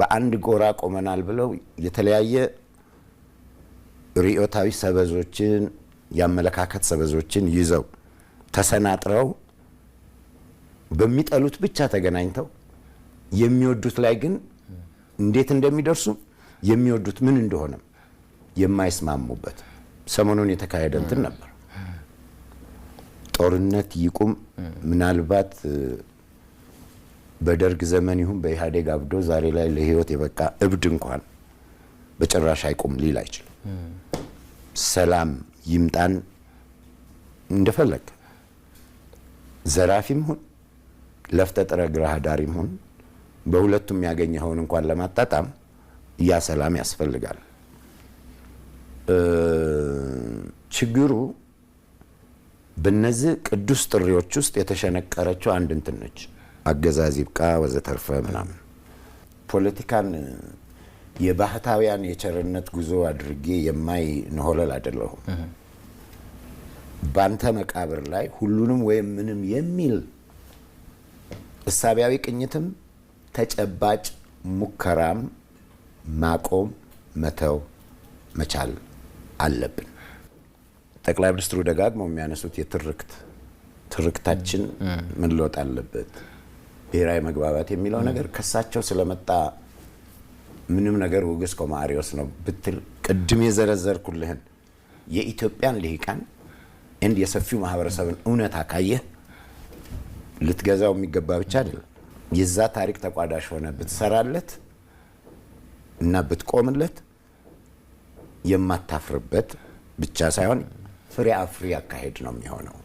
በአንድ ጎራ ቆመናል ብለው የተለያየ ርዕዮታዊ ሰበዞችን የአመለካከት ሰበዞችን ይዘው ተሰናጥረው በሚጠሉት ብቻ ተገናኝተው የሚወዱት ላይ ግን እንዴት እንደሚደርሱ የሚወዱት ምን እንደሆነም የማይስማሙበት ሰሞኑን የተካሄደ እንትን ነበር። ጦርነት ይቁም ምናልባት በደርግ ዘመን ይሁን በኢህአዴግ አብዶ ዛሬ ላይ ለህይወት የበቃ እብድ እንኳን በጭራሽ አይቆም ሊል አይችልም። ሰላም ይምጣን እንደፈለግ ዘራፊም ሁን ለፍተጥረ ግራ ዳሪም ሁን በሁለቱም ያገኘኸውን እንኳን ለማጣጣም ያ ሰላም ያስፈልጋል። ችግሩ በነዚህ ቅዱስ ጥሪዎች ውስጥ የተሸነቀረችው አንድ እንትን ነች። አገዛዝ ይብቃ ወዘተርፈ ምናምን ፖለቲካን የባህታውያን የቸርነት ጉዞ አድርጌ የማይ ንሆለል አይደለሁም። ባንተ መቃብር ላይ ሁሉንም ወይም ምንም የሚል እሳቢያዊ ቅኝትም ተጨባጭ ሙከራም ማቆም መተው መቻል አለብን። ጠቅላይ ሚኒስትሩ ደጋግመው የሚያነሱት የትርክት ትርክታችን መለወጥ አለበት። ብሔራዊ መግባባት የሚለው ነገር ከሳቸው ስለመጣ ምንም ነገር ውግስ ኮማሪዎስ ነው ብትል ቅድም የዘረዘርኩልህን የኢትዮጵያን ልሂቃን እንድ የሰፊው ማህበረሰብን እውነታ ካየህ ልትገዛው የሚገባ ብቻ አይደለም። የዛ ታሪክ ተቋዳሽ ሆነ ብትሰራለት እና ብትቆምለት የማታፍርበት ብቻ ሳይሆን ፍሬ አፍሪ አካሄድ ነው የሚሆነው።